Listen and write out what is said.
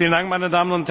Vielen Dank, meine Damen und Herren.